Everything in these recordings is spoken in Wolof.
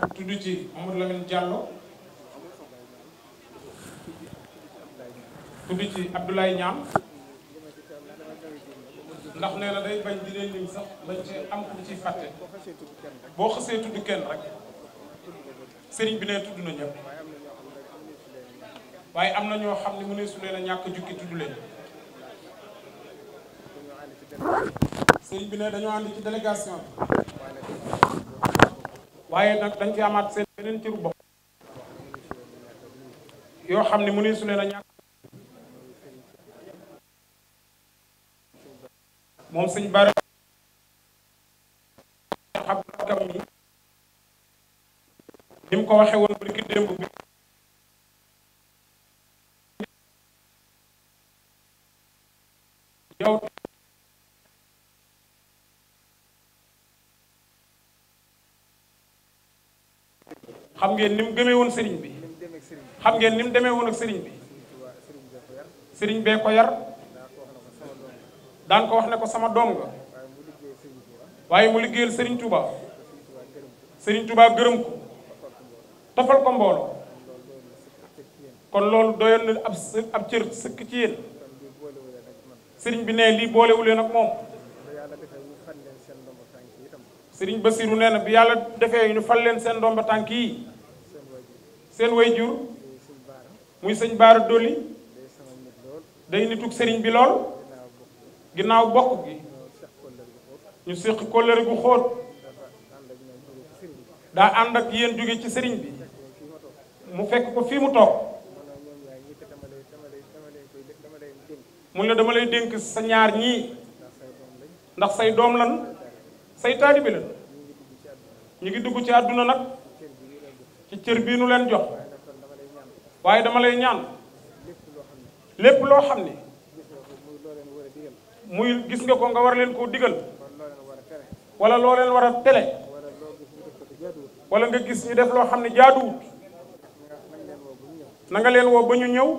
tudd ci Amadou Lamine Diallo tudd ci Abdoulaye Niam ndax nee na day bañ di leen lim sax bañ ci am ku ci fàtte boo xasee tudd kenn rek sëriñ bi ne tudd na ñëpp waaye am na ñoo xam ne mu ne su leen a ñàkk jukki tudd leen sëriñ bi ne dañoo ànd ci délégation waaye nag dañ ci amaat seen beneen ciru bopp yoo xam ne mu ne su leen a ñàkk moom sëñ Bara xam kam mi ni mu ko waxee woon bëriki démb bi xam ngeen ni mu gëmee sëriñ bi xam ngeen ni mu demee woon ak sëriñ bi sëriñ bee ko yar daan ko wax ne ko sama doom nga waaye mu liggéeyal sëriñ Touba sëriñ Touba gërëm ko tofal ko mbooloo kon loolu doyoon na ab ab cër sëkk ci yéen sëriñ bi ne lii boolewuleen ak moom sëriñ Basiru nee na bi yàlla defee ñu fal leen seen ndomba tànk yi seen wayjur muy sëñ Baara Dolli day nitug sëriñ bi lool ginnaaw bokk gi ñu séq kóllëre gu xóot daa ànd ak yéen jóge ci sëriñ bi mu fekk ko fii mu toog mu ne dama lay dénk sa ñaar ñii ndax say doom lan say taalibe lan ñu ngi dugg ci àdduna nag cër bii nu leen jox waaye dama lay ñaan lépp loo xam ni muy gis nga ko nga war leen koo digal wala loo leen war a tele wala nga gis ñu def loo xam ne jaaduwut na nga leen woo ba ñu ñëw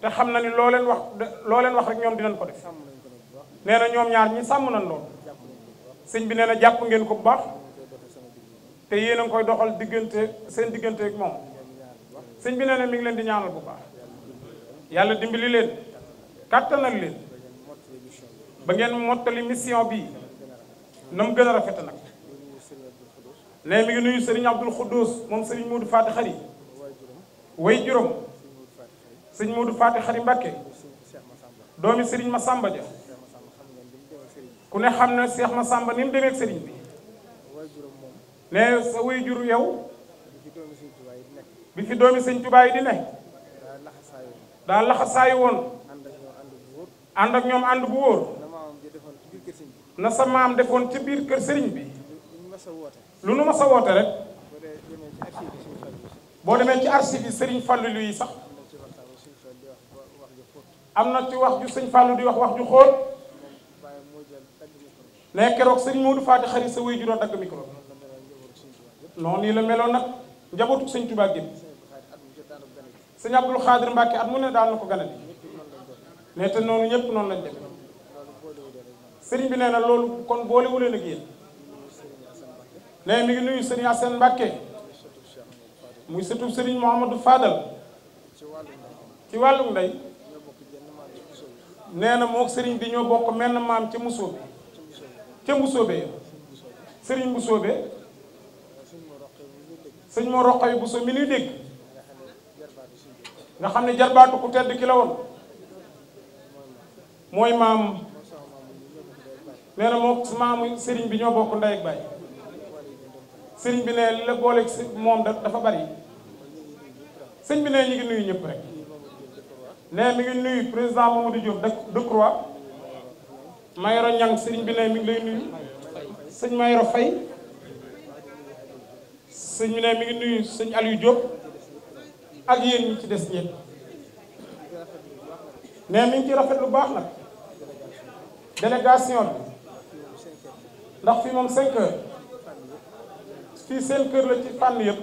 te xam na ni loo leen wax loo leen wax rek ñoom dinañ ko def nee na ñoom ñaar ñi sàmm nañ lool sëñ bi nee na jàpp ngeen ko baax. te yéen a ngi koy doxal diggante seen diggante ak moom sëñ bi nee na mi ngi leen di ñaanal bu baax yàlla dimbali leen kàttanal leen ba ngeen mottali mission bi na gën a rafet nag ne mi ngi nuyu sëriñ Abdul Xuddus moom sëriñ Moodu Faati Xari way juróom sëñ Moodu Faati Xari Mbàkke doomi sëriñ Masamba ja ku ne xam ne Seex Masamba ni mu demee ak bi ne sa way jur yow bi fi doomi sëñ Tuubaa yi di ne daa laxasaayu woon ànd ak ñoom ànd bu wóor na sa maam defoon ci biir kër sëriñ bi lu nu mas a woote rek boo demee ci archive yi sëriñ Fallou yi sax am na ci wax ju sëñ Fallou di wax wax ju xóot ne keroog sëriñ Modou Faty xarit sa way juróom dagg micro noonu la meloon nag njabootu sëñ Tuubaa gi sëñ Abdul Xaadir Mbàkke at mu ne daan na ko ganale ne te noonu ñëpp noonu lañ def sëriñ bi nee na loolu kon boolewu leen ak yéen ne mi ngi nuyu sëriñ Asan Mbàkke muy sëtub sëriñ Mouhamadou Fadal ci wàllum ndey nee na moo seriñ bi ñoo bokk menn maam ca Musoobe ca Musoobe sëriñ Musoobe sëñ moo roqo yi bu so mi nuy dégg nga xam ne jarbaatu ku tedd ki la woon mooy maam nee na moo maamu sëriñ bi ñoo bokk ndey ak sëriñ bi ne li la booleeg si moom dafa bari sëñ bi ne ñu ngi nuyu ñëpp rek ne mi ngi nuyu président Mamadou Diop Decroix Mayoro bi ne mi ngi nuyu sëñ Mayoro Faye sëñ bi mi ngi nuyu sëñ Aliou Diop ak yéen ñi ci des ñëpp ne mi ngi ci rafet lu baax nag délégation bi ndax fii moom 5 heures fii seen la ci fànn yëpp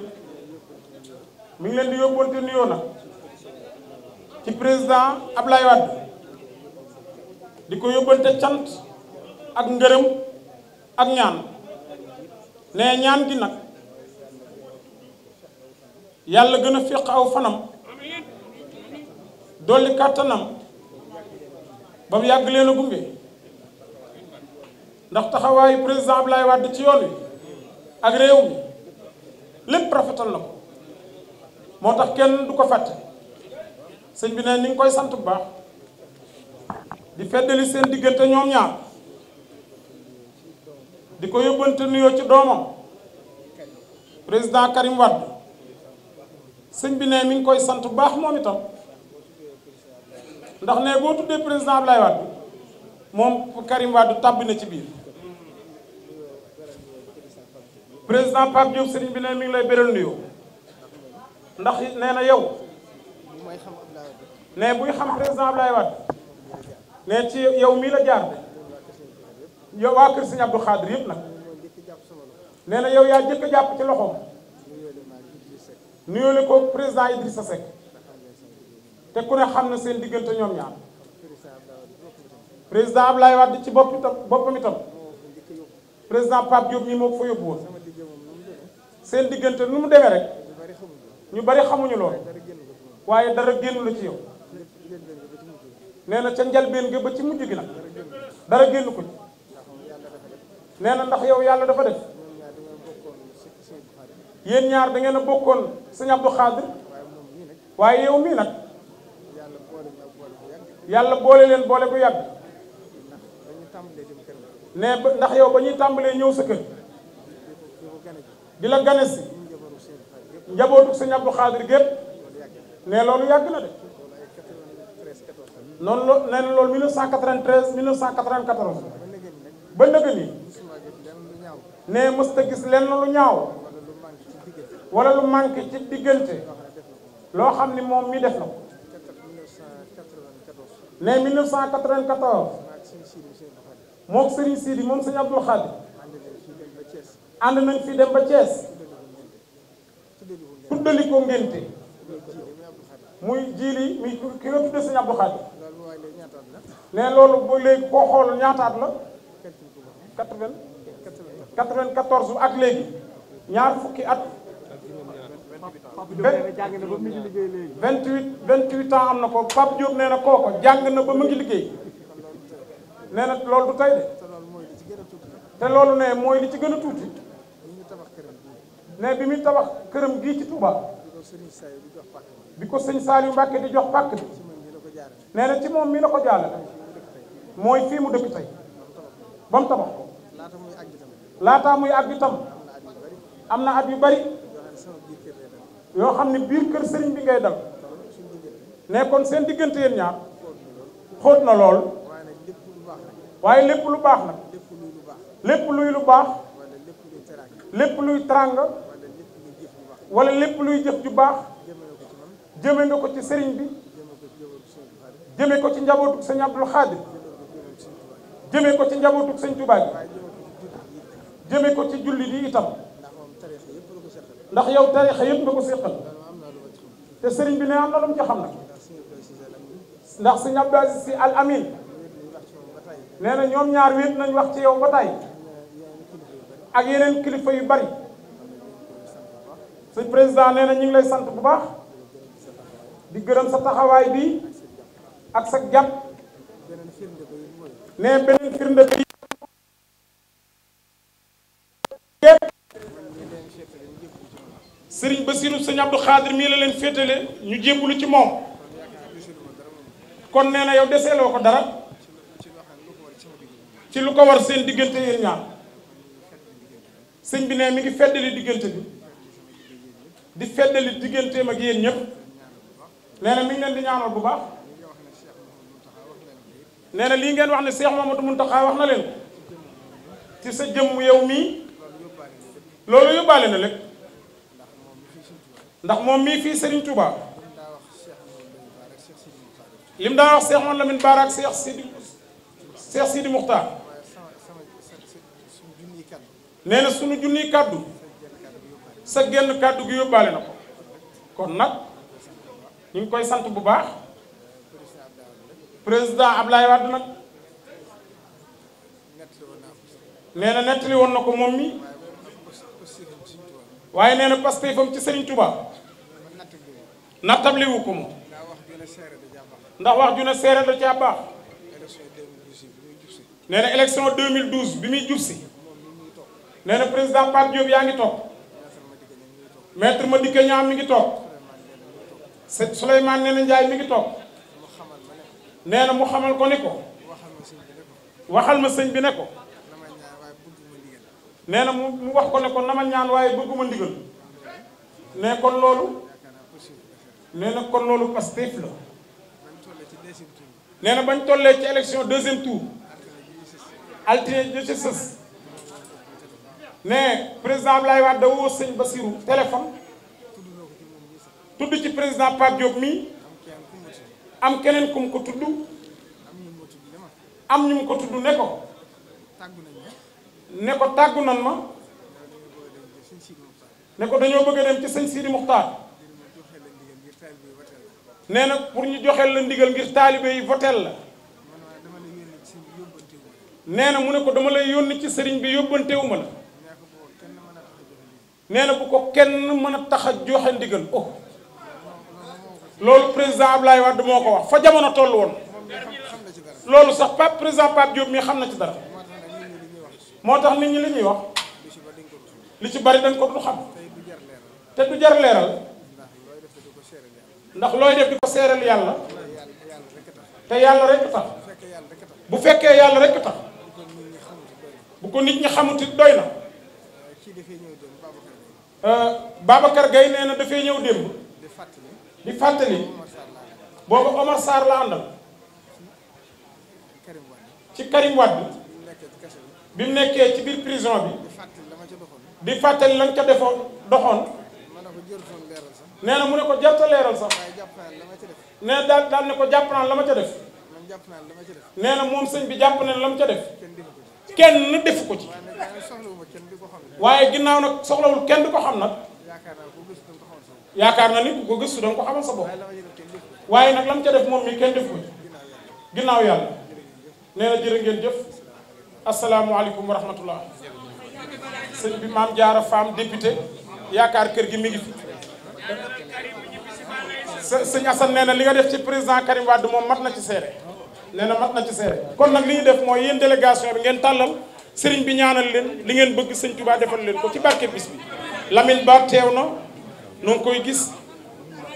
mi ngi leen di yóbbante nuyoo na ci président Ablaye Wade di ko yóbbante cant ak ngërëm ak ñaan ne ñaan gi nag yàlla gën a féq aw fanam dolli kàttanam ba mu yàgg leen a gunge ndax taxawaayu président Abdoulaye Wade ci yoon wi ak réew mi lépp rafetal na moo tax kenn du ko fàtte sëñ bi ne ni nga koy sant bu baax di feddali seen diggante ñoom ñaar di ko yóbbante nuyoo ci doomam président Karim Wade sëñ bi ne mi ngi koy sant bu baax moom itam ndax ne boo tuddee président Abdoulaye Wade moom Karim Wade tàbbi na ci biir président Pape Diop sëriñ bi ne mi ngi lay beral nuyoo ndax nee na yow ne buy xam président Abdoulaye Wade ne ci yow mii la jaar yow waa kër sëñ Abdou Khadre yëpp na yow yaa jëkk jàpp ci loxo nuyoole ko président Idrissa Seck te ku ne xam na seen diggante ñoom ñaar président Ablaye Wade ci bopp itam boppam itam président Pape Diop ñi moo ko fa yóbbu woon seen diggante nu mu demee rek ñu bari xamuñu lool waaye dara génn la ci yow nee na ca njalbeen nga ba ci mujj gi nag dara génn ko ci nee na ndax yow yàlla dafa def yéen ñaar da ngeen a bokkoon sëñ Abdou Khadir waaye yow mii nag yàlla boole leen boole bu yàgg ne ba ndax yow ba ñuy tàmbalee ñëw sa kër di la gane si njabootu sëñ Abdou Khadir gépp ne loolu yàgg na de noonu loo nee na loolu 1993 1994 ba nëgg nii ne mës gis lenn lu ñaaw. wala lu manqué ci diggante loo xam ni moom mi def na ko ne 1994 mook Serigne Sidi moom Serigne Abdoul Khadi ànd nañ fi dem ba Thiès tuddali ko ngénte muy jiili mi ki nga tudde Serigne Abdoul Khadi ne loolu ba léegi koo xool ñaataat la 80 94 ak léegi ñaar fukki at vingt huit vingt huit ans am na ko Pape Diop nee na kooko jàng na ba mu ngi liggéey nee lool loolu du tey de te loolu ne mooy li ci gën a tuuti ne bi muy tabax këram gii ci Touba bi ko sëñ Saliou Mbacke di jox pàkk bi nee na ci moom mii la ko jaale mooy fii mu dëkk tey ba mu tabax ko laataa muy àgg itam am na at yu bari am na yu bari yoo xam ne biir kër sëriñ bi ngay dal ne kon seen diggante yéen ñaar xóot na lool waaye lépp lu baax nag lépp luy lu baax lépp luy teraanga wala lépp luy jëf ju baax jëme nga ko ci sëriñ bi jëme ko ci njabootu sëñ Abdul Xaadir jëme ko ci njabootu sëñ Tuubaa bi ko ci julli di itam ndax yow tarixa yëpp nga ko séqal te sëriñ bi ne am na lu mu ci xam nag ndax sëñ Abdou Aziz Sy Al Amin nee na ñoom ñaar wéet nañ wax ci yow ba tey ak yeneen kilifa yu bari sëñ président nee na ñu ngi lay sant bu baax di gërëm sa taxawaay bi ak sa jàpp ne beneen firnde sëriñ Basiru sëñ Abdou Xaadir mii la leen féetale ñu jébbalu ci moom kon nee na yow deseeloo ko dara ci lu ko war seen diggante yéen ñaar sëñ bi ne mi ngi feddali diggante bi di feddali digganteem ak yéen ñëpp nee na ngi leen di ñaanal bu baax nee na lii ngeen wax ne Cheikh Mamadou Mountakha wax na leen ci sa jëmm yow mii loolu yóbbaale na lépp ndax moom mii fii Serigne Touba li mu daa wax Cheikh Mouhamadou Lamine Bara ak Cheikh Sidi Cheikh Sidi Moukhtar nee na sunu junniy kàddu sa genn kàddu gi yóbbaale na ko kon nag ñu ngi koy sant bu baax président Ablaye Wade nag nee na nettali woon na ko moom mi waaye nee na Pastef am ci Serigne Touba. nattable wu ko moom ndax wax ju ne seere da caa baax nee na élection bi muy jub si nee président Pape Diop yaa ngi toog ma Madické Niang mi ngi toog Souleymane nee na Ndiaye mi ngi toog nee na mu xamal ko ni ko waxal ma sëñ bi ne ko nee na mu wax ko ne ko nama ñaan waaye bëgguma ndigal ne kon loolu nee na kon loolu Pastef la nee na bañ tollee ci élection deuxième tour altine ñu ci sës ne président Ablaye Wade da woo sëñ Basirou téléphone tudd ci président Pape Diop mii am keneen ku mu ko tudd am ñu mu ko tudd ne ko ne ko tàggu nan ma ne ko dañoo bëgg a dem ci sëñ Sidi Muxtaar nee na pour ñu joxeel la ndigal ngir taalibe yi voteel la nee na mu ne ko dama lay yónni ci sëriñ bi yóbbantewuma la nee na bu ko kenn mën a tax a joxe ndigal oh loolu président Ablaye Wade moo ko wax fa jamono toll woon loolu sax Pape président Pape Diop mi xam na ci dara moo tax nit ñi li ñuy wax li ci bari dañ ko du xam te du jar leeral ndax looy def di ko seeral yàlla te yàlla rek tax bu fekkee yàlla rek tax bu ko nit ñi xamuti doy na euh, Babacar gay nee na dafay ñëw démb di fàttali boobu Omar Sarr la àndal ci Karim Wade bi mu nekkee ci biir prison bi di fàttali lan ca defoon doxoon nee na mu ne ko jarta leeral sax nee daal daal ne ko jàpp naa la ma ca def nee na moom sëñ bi jàpp na la ma ca def kenn defu ko ci waaye ginnaaw nag soxlawul kenn du ko xam nag yaakaar na ni ku ko gëstu danga ko xamal sa bopp waaye nag la mu ca def moom mi kenn defu ko ci ginnaaw yàlla nee na jërë ngeen jëf asalaamualeykum wa rahmatullah sëñ bi maam jaara faam député yaakaar kër gi mi ngi fi sëñ Assane nee na li nga def ci président Karim Wade moom mat na ci seere nee na mat na ci seere kon nag li ñu def mooy yéen délégation bi ngeen tàllal sëriñ bi ñaanal leen li ngeen bëgg sëñ Touba defal leen ko ci barke bis bi Lamine Ba teew na noo koy gis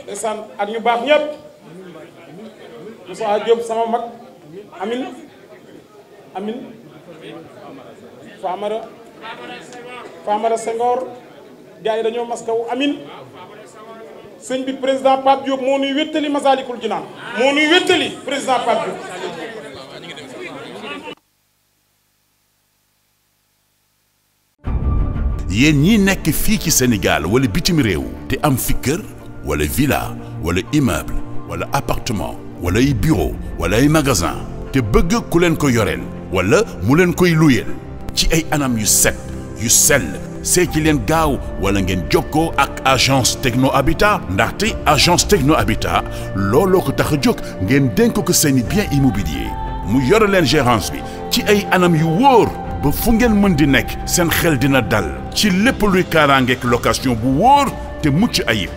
ndeysaan ak ñu baax ñëpp Moussa Diop sama mag amin amin Famara Famara Senghor gars yi dañoo maskaw amin sëñ bi président Pape Diop moo nuy wéttali Masaalikul Jinaan moo nekk fii ci Sénégal wala bitim réew te am fi kër wala villa wala immeuble wala appartement wala ay bureau wala ay magasin te bëgg ku leen ko yoreel wala mu leen koy luyeel ci ay anam yu set yu sell seeki leen gaaw wala ngeen jokkoo ak agence techno abita ndaxte agence techno habitat looloo ko tax a jóg ngeen dénk ko seeni bien immobilier mu yore leen gérance bi ci ay anam yu wóor ba fu ngeen mën di nekk seen xel na dal ci lépp luy kaaraangeek location bu wóor te mucc ayib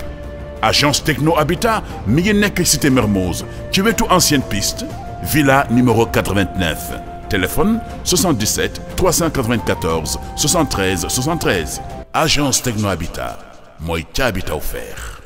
agence techno abita mi ngi nekk cité Mermoz ci wetu ancienne pist villa numéro 89 téléphone 77 394 73 73 agence Techno Habitat mooy ca Habitat offert